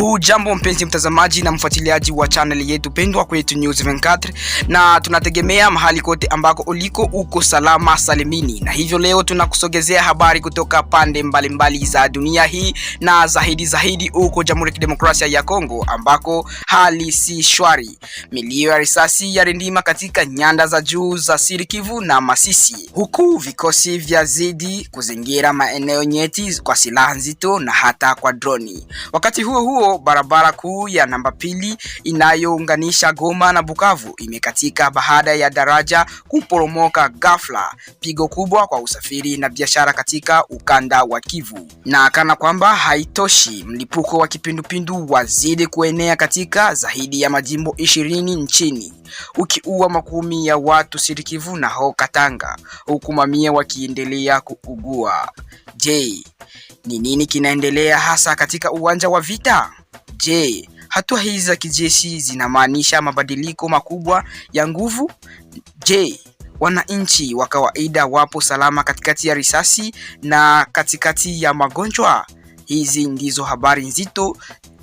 Hujambo mpenzi mtazamaji na mfuatiliaji wa channel yetu pendwa Kwetu News 24, na tunategemea mahali kote ambako uliko uko salama salimini, na hivyo leo tunakusogezea habari kutoka pande mbalimbali mbali za dunia hii, na zaidi zaidi uko Jamhuri ya Kidemokrasia ya Kongo ambako hali si shwari. Milio ya risasi yarindima katika nyanda za juu za Sirikivu na Masisi, huku vikosi vya zidi kuzingira maeneo nyeti kwa silaha nzito na hata kwa droni. Wakati huo huo barabara kuu ya namba pili inayounganisha Goma na Bukavu imekatika baada ya daraja kuporomoka ghafla, pigo kubwa kwa usafiri na biashara katika ukanda wa Kivu. Na kana kwamba haitoshi, mlipuko wa kipindupindu wazidi kuenea katika zaidi ya majimbo ishirini nchini ukiua makumi ya watu Sirikivu na ho Katanga, huku mamia wakiendelea kuugua. Je, ni nini kinaendelea hasa katika uwanja wa vita? Je, hatua hizi za kijeshi zinamaanisha mabadiliko makubwa ya nguvu? Je, wananchi wa kawaida wapo salama katikati ya risasi na katikati ya magonjwa? Hizi ndizo habari nzito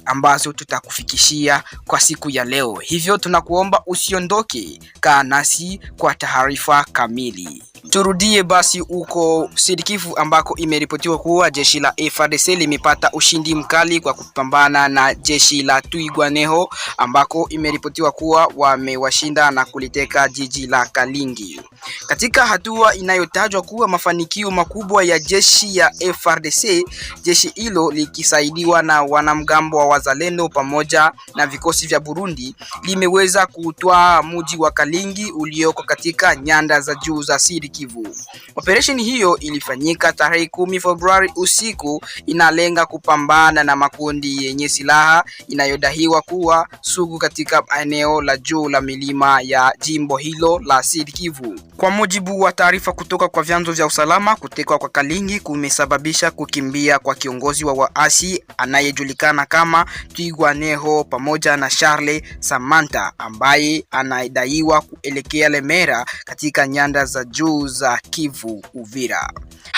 ambazo tutakufikishia kwa siku ya leo. Hivyo tunakuomba usiondoke, kaa nasi kwa taarifa kamili. Turudie basi huko Sidikifu ambako imeripotiwa kuwa jeshi la FARDC limepata ushindi mkali kwa kupambana na jeshi la Twirwaneho ambako imeripotiwa kuwa wamewashinda na kuliteka jiji la Kalingi. Katika hatua inayotajwa kuwa mafanikio makubwa ya jeshi ya FARDC, jeshi hilo likisaidiwa na wanamgambo wa Wazalendo pamoja na vikosi vya Burundi limeweza kutwaa mji wa Kalingi ulioko katika nyanda za juu za Siriki. Kivu. Operesheni hiyo ilifanyika tarehe kumi Februari usiku, inalenga kupambana na makundi yenye silaha inayodaiwa kuwa sugu katika eneo la juu la milima ya jimbo hilo la Sud Kivu. Kwa mujibu wa taarifa kutoka kwa vyanzo vya usalama, kutekwa kwa Kalingi kumesababisha kukimbia kwa kiongozi wa waasi anayejulikana kama Twigwa Neho pamoja na charle Samantha ambaye anadaiwa kuelekea Lemera katika nyanda za juu News Arquivo Uvira.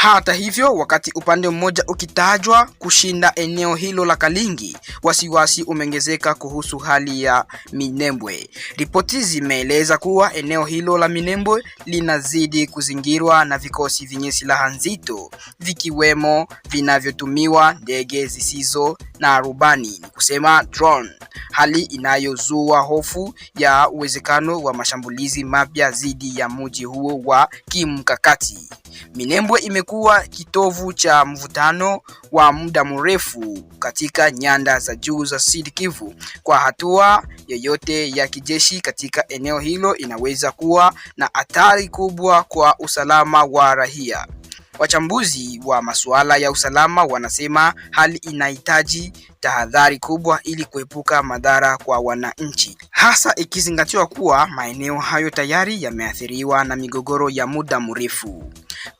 Hata hivyo, wakati upande mmoja ukitajwa kushinda eneo hilo la Kalingi, wasiwasi umeongezeka kuhusu hali ya Minembwe. Ripoti zimeeleza kuwa eneo hilo la Minembwe linazidi kuzingirwa na vikosi vyenye silaha nzito, vikiwemo vinavyotumiwa ndege zisizo na rubani, ni kusema drone, hali inayozua hofu ya uwezekano wa mashambulizi mapya dhidi ya mji huo wa kimkakati. Minembwe ime kuwa kitovu cha mvutano wa muda mrefu katika nyanda za juu za Sud Kivu. Kwa hatua yoyote ya kijeshi katika eneo hilo inaweza kuwa na athari kubwa kwa usalama wa raia. Wachambuzi wa masuala ya usalama wanasema hali inahitaji tahadhari kubwa ili kuepuka madhara kwa wananchi, hasa ikizingatiwa kuwa maeneo hayo tayari yameathiriwa na migogoro ya muda mrefu.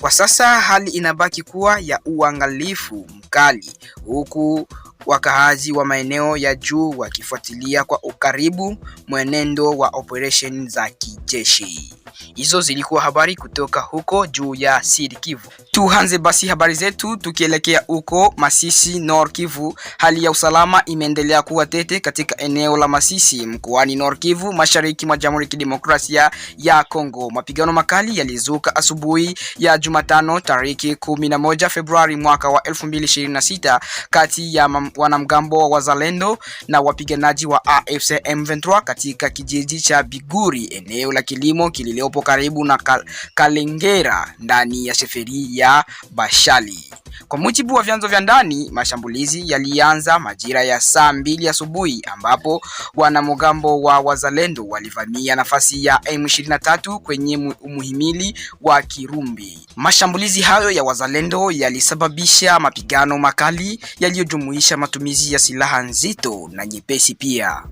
Kwa sasa hali inabaki kuwa ya uangalifu mkali, huku wakaazi wa maeneo ya juu wakifuatilia kwa ukaribu mwenendo wa operesheni za kijeshi. Hizo zilikuwa habari kutoka huko juu ya Sud Kivu. Tuanze basi habari zetu tukielekea huko Masisi, Nord Kivu. Hali ya usalama imeendelea kuwa tete katika eneo la Masisi mkoani Nord Kivu, mashariki mwa Jamhuri ya Kidemokrasia ya Kongo. Mapigano makali yalizuka asubuhi ya Jumatano tariki 11 Februari mwaka wa 2026 kati ya wanamgambo wa Wazalendo na wapiganaji wa AFC M23 katika kijiji cha Biguri, eneo la kilimo kilile iliyopo karibu na Kal Kalengera ndani ya sheferi ya Bashali. Kwa mujibu wa vyanzo vya ndani, mashambulizi yalianza majira ya saa mbili asubuhi ambapo wanamgambo wa wazalendo walivamia nafasi ya M23 kwenye umuhimili wa Kirumbi. Mashambulizi hayo ya wazalendo yalisababisha mapigano makali yaliyojumuisha matumizi ya silaha nzito na nyepesi pia.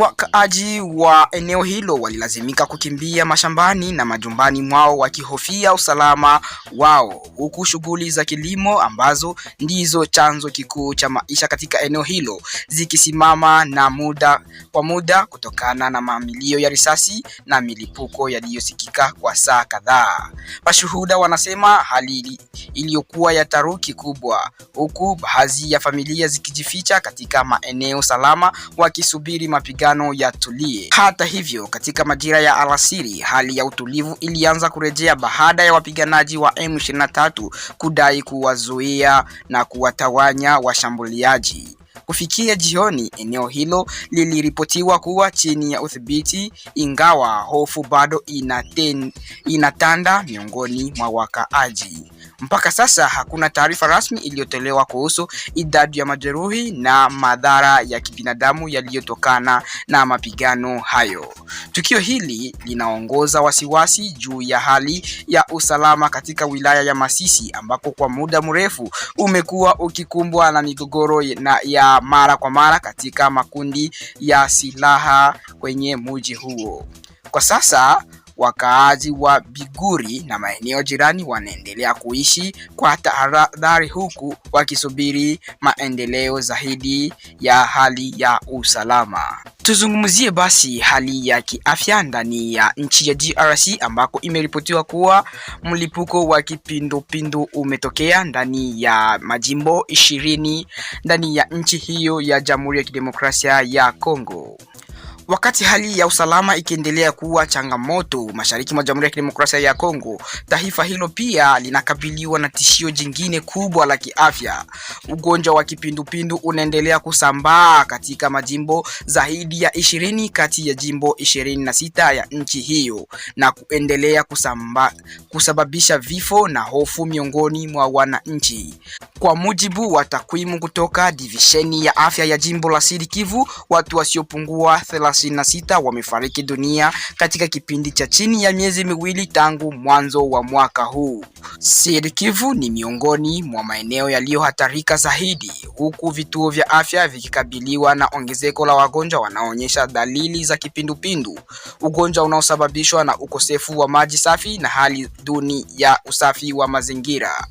Wakaaji wa eneo hilo walilazimika kukimbia mashambani na majumbani mwao wakihofia usalama wao, huku shughuli za kilimo ambazo ndizo chanzo kikuu cha maisha katika eneo hilo zikisimama na muda kwa muda kutokana na mamilio ya risasi na milipuko yaliyosikika kwa saa kadhaa. Mashuhuda wanasema hali iliyokuwa ya taruki kubwa, huku baadhi ya familia zikijificha katika maeneo salama wakisubiri mapigano makubaliano yatulie. Hata hivyo, katika majira ya alasiri, hali ya utulivu ilianza kurejea baada ya wapiganaji wa M23 kudai kuwazuia na kuwatawanya washambuliaji. Kufikia jioni, eneo hilo liliripotiwa kuwa chini ya udhibiti, ingawa hofu bado inaten, inatanda miongoni mwa wakaaji. Mpaka sasa hakuna taarifa rasmi iliyotolewa kuhusu idadi ya majeruhi na madhara ya kibinadamu yaliyotokana na mapigano hayo. Tukio hili linaongoza wasiwasi juu ya hali ya usalama katika wilaya ya Masisi ambako kwa muda mrefu umekuwa ukikumbwa na migogoro ya mara kwa mara katika makundi ya silaha kwenye mji huo. Kwa sasa wakaazi wa Biguri na maeneo jirani wanaendelea kuishi kwa tahadhari, huku wakisubiri maendeleo zaidi ya hali ya usalama. Tuzungumzie basi hali ya kiafya ndani ya nchi ya DRC ambako imeripotiwa kuwa mlipuko wa kipindupindu umetokea ndani ya majimbo ishirini ndani ya nchi hiyo ya Jamhuri ya Kidemokrasia ya Kongo. Wakati hali ya usalama ikiendelea kuwa changamoto mashariki mwa Jamhuri ya Kidemokrasia ya Kongo, taifa hilo pia linakabiliwa na tishio jingine kubwa la kiafya. Ugonjwa wa kipindupindu unaendelea kusambaa katika majimbo zaidi ya ishirini kati ya jimbo ishirini na sita ya nchi hiyo na kuendelea kusamba, kusababisha vifo na hofu miongoni mwa wananchi. Kwa mujibu wa takwimu kutoka divisheni ya afya ya jimbo la Sud Kivu, watu wasiopungua 26 wamefariki dunia katika kipindi cha chini ya miezi miwili tangu mwanzo wa mwaka huu. Sud Kivu ni miongoni mwa maeneo yaliyohatarika zaidi, huku vituo vya afya vikikabiliwa na ongezeko la wagonjwa wanaoonyesha dalili za kipindupindu, ugonjwa unaosababishwa na ukosefu wa maji safi na hali duni ya usafi wa mazingira.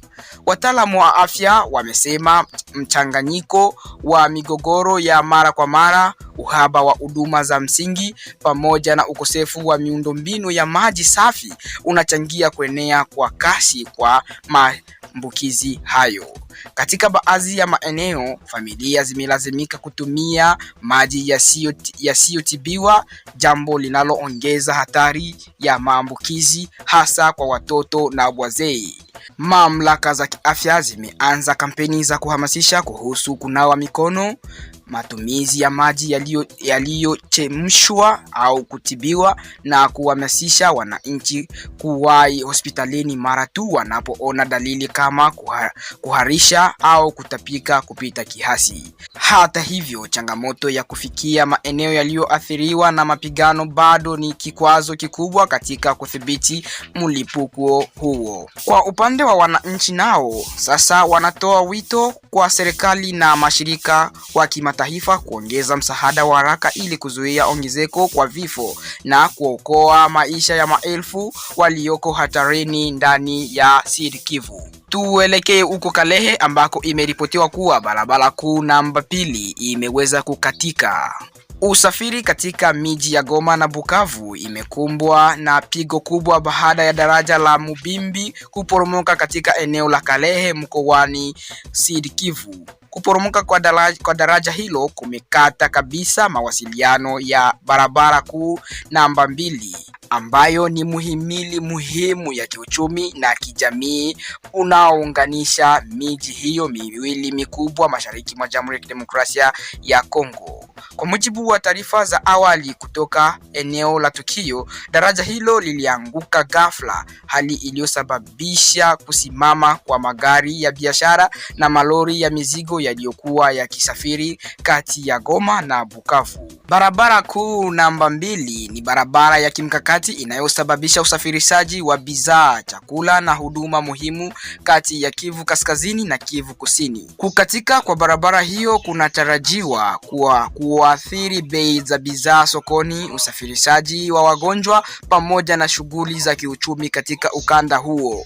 Wataalamu wa afya wamesema mchanganyiko wa migogoro ya mara kwa mara uhaba wa huduma za msingi pamoja na ukosefu wa miundombinu ya maji safi unachangia kuenea kwa kasi kwa maambukizi hayo. Katika baadhi ya maeneo, familia zimelazimika kutumia maji yasiyotibiwa, jambo linaloongeza hatari ya maambukizi hasa kwa watoto na wazee. Mamlaka za kiafya zimeanza kampeni za kuhamasisha kuhusu kunawa mikono, matumizi ya maji yaliyochemshwa au kutibiwa, na kuhamasisha wananchi kuwahi hospitalini mara tu wanapoona dalili kama kuharisha au kutapika kupita kiasi. Hata hivyo, changamoto ya kufikia maeneo yaliyoathiriwa na mapigano bado ni kikwazo kikubwa katika kudhibiti mlipuko huo. Kwa upande wa wananchi nao, sasa wanatoa wito kwa serikali na mashirika wa kimataifa kuongeza msaada wa haraka ili kuzuia ongezeko kwa vifo na kuokoa maisha ya maelfu walioko hatarini ndani ya Sud Kivu. Tuelekee huko Kalehe ambako imeripotiwa kuwa barabara kuu namba pili imeweza kukatika. Usafiri katika miji ya Goma na Bukavu imekumbwa na pigo kubwa baada ya daraja la Mubimbi kuporomoka katika eneo la Kalehe mkoani Sud Kivu. Kuporomoka kwa daraja, kwa daraja hilo kumekata kabisa mawasiliano ya barabara kuu namba mbili ambayo ni muhimili muhimu ya kiuchumi na kijamii unaounganisha miji hiyo miwili mikubwa mashariki mwa Jamhuri ya Kidemokrasia ya Kongo. Kwa mujibu wa taarifa za awali kutoka eneo la tukio, daraja hilo lilianguka ghafla, hali iliyosababisha kusimama kwa magari ya biashara na malori ya mizigo yaliyokuwa yakisafiri kati ya Goma na Bukavu. Barabara kuu namba mbili ni barabara ya kimkakati inayosababisha usafirishaji wa bidhaa, chakula na huduma muhimu kati ya Kivu Kaskazini na Kivu Kusini. Kukatika kwa barabara hiyo kunatarajiwa kuwa kuwa kuathiri bei za bidhaa sokoni, usafirishaji wa wagonjwa pamoja na shughuli za kiuchumi katika ukanda huo.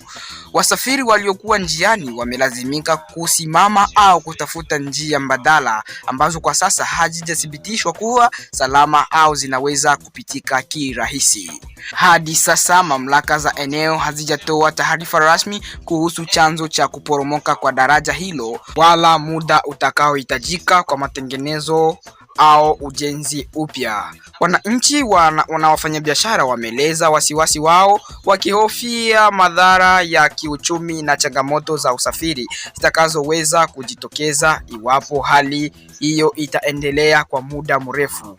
Wasafiri waliokuwa njiani wamelazimika kusimama au kutafuta njia mbadala ambazo kwa sasa hazijathibitishwa kuwa salama au zinaweza kupitika kirahisi. Hadi sasa mamlaka za eneo hazijatoa taarifa rasmi kuhusu chanzo cha kuporomoka kwa daraja hilo wala muda utakaohitajika kwa matengenezo au ujenzi upya. Wananchi wana, wafanyabiashara wameeleza wasiwasi wao wakihofia madhara ya kiuchumi na changamoto za usafiri zitakazoweza kujitokeza iwapo hali hiyo itaendelea kwa muda mrefu.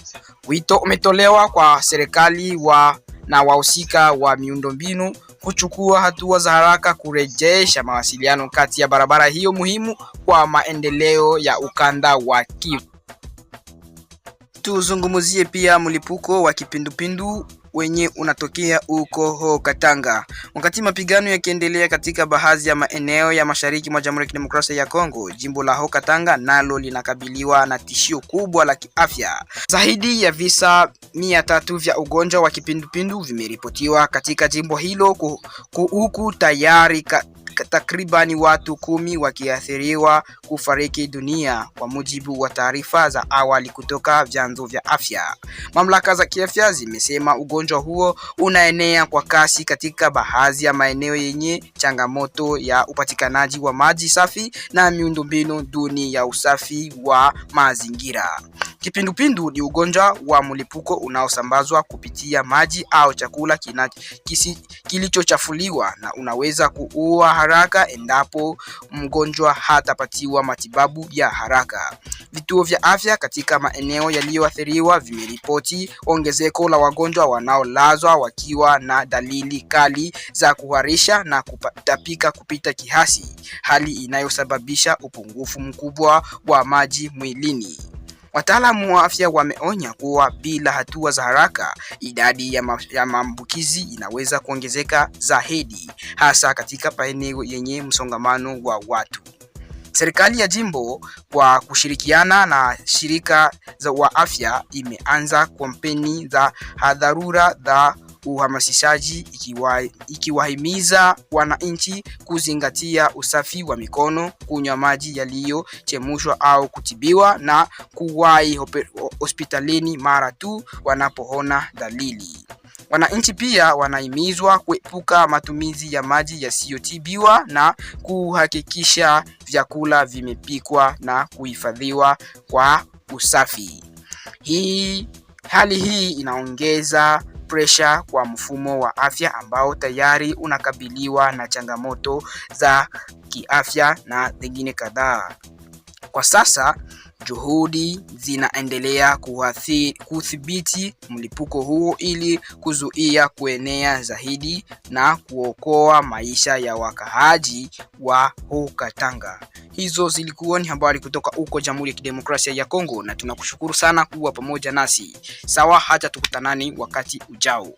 Wito umetolewa kwa serikali wa na wahusika wa miundombinu kuchukua hatua za haraka kurejesha mawasiliano kati ya barabara hiyo muhimu kwa maendeleo ya ukanda wa Kivu. Tuzungumzie pia mlipuko wa kipindupindu wenye unatokea huko ho Katanga. Wakati mapigano yakiendelea katika baadhi ya maeneo ya mashariki mwa Jamhuri ya Kidemokrasia ya Kongo, jimbo la ho Katanga nalo linakabiliwa na tishio kubwa la kiafya. Zaidi ya visa mia tatu vya ugonjwa wa kipindupindu vimeripotiwa katika jimbo hilo, huku tayari ka takribani watu kumi wakiathiriwa kufariki dunia kwa mujibu wa taarifa za awali kutoka vyanzo vya afya. Mamlaka za kiafya zimesema ugonjwa huo unaenea kwa kasi katika baadhi ya maeneo yenye changamoto ya upatikanaji wa maji safi na miundombinu duni ya usafi wa mazingira. Kipindupindu ni ugonjwa wa mlipuko unaosambazwa kupitia maji au chakula kilichochafuliwa na unaweza kuua haraka endapo mgonjwa hatapatiwa matibabu ya haraka. Vituo vya afya katika maeneo yaliyoathiriwa vimeripoti ongezeko la wagonjwa wanaolazwa wakiwa na dalili kali za kuharisha na kutapika kupita kiasi, hali inayosababisha upungufu mkubwa wa maji mwilini. Wataalamu wa afya wameonya kuwa bila hatua za haraka, idadi ya maambukizi inaweza kuongezeka zaidi, hasa katika maeneo yenye msongamano wa watu. Serikali ya jimbo kwa kushirikiana na shirika za wa afya imeanza kampeni za dharura za uhamasishaji ikiwa, ikiwahimiza wananchi kuzingatia usafi wa mikono, kunywa maji yaliyochemshwa au kutibiwa na kuwahi hospitalini mara tu wanapoona dalili. Wananchi pia wanahimizwa kuepuka matumizi ya maji yasiyotibiwa na kuhakikisha vyakula vimepikwa na kuhifadhiwa kwa usafi. Hii hali hii inaongeza pressure kwa mfumo wa afya ambao tayari unakabiliwa na changamoto za kiafya na zingine kadhaa. Kwa sasa Juhudi zinaendelea kudhibiti mlipuko huo ili kuzuia kuenea zaidi na kuokoa maisha ya wakaaji wa Haut-Katanga. Hizo zilikuwa ni habari kutoka huko Jamhuri ya Kidemokrasia ya Kongo, na tunakushukuru sana kuwa pamoja nasi. Sawa, hata tukutanani wakati ujao.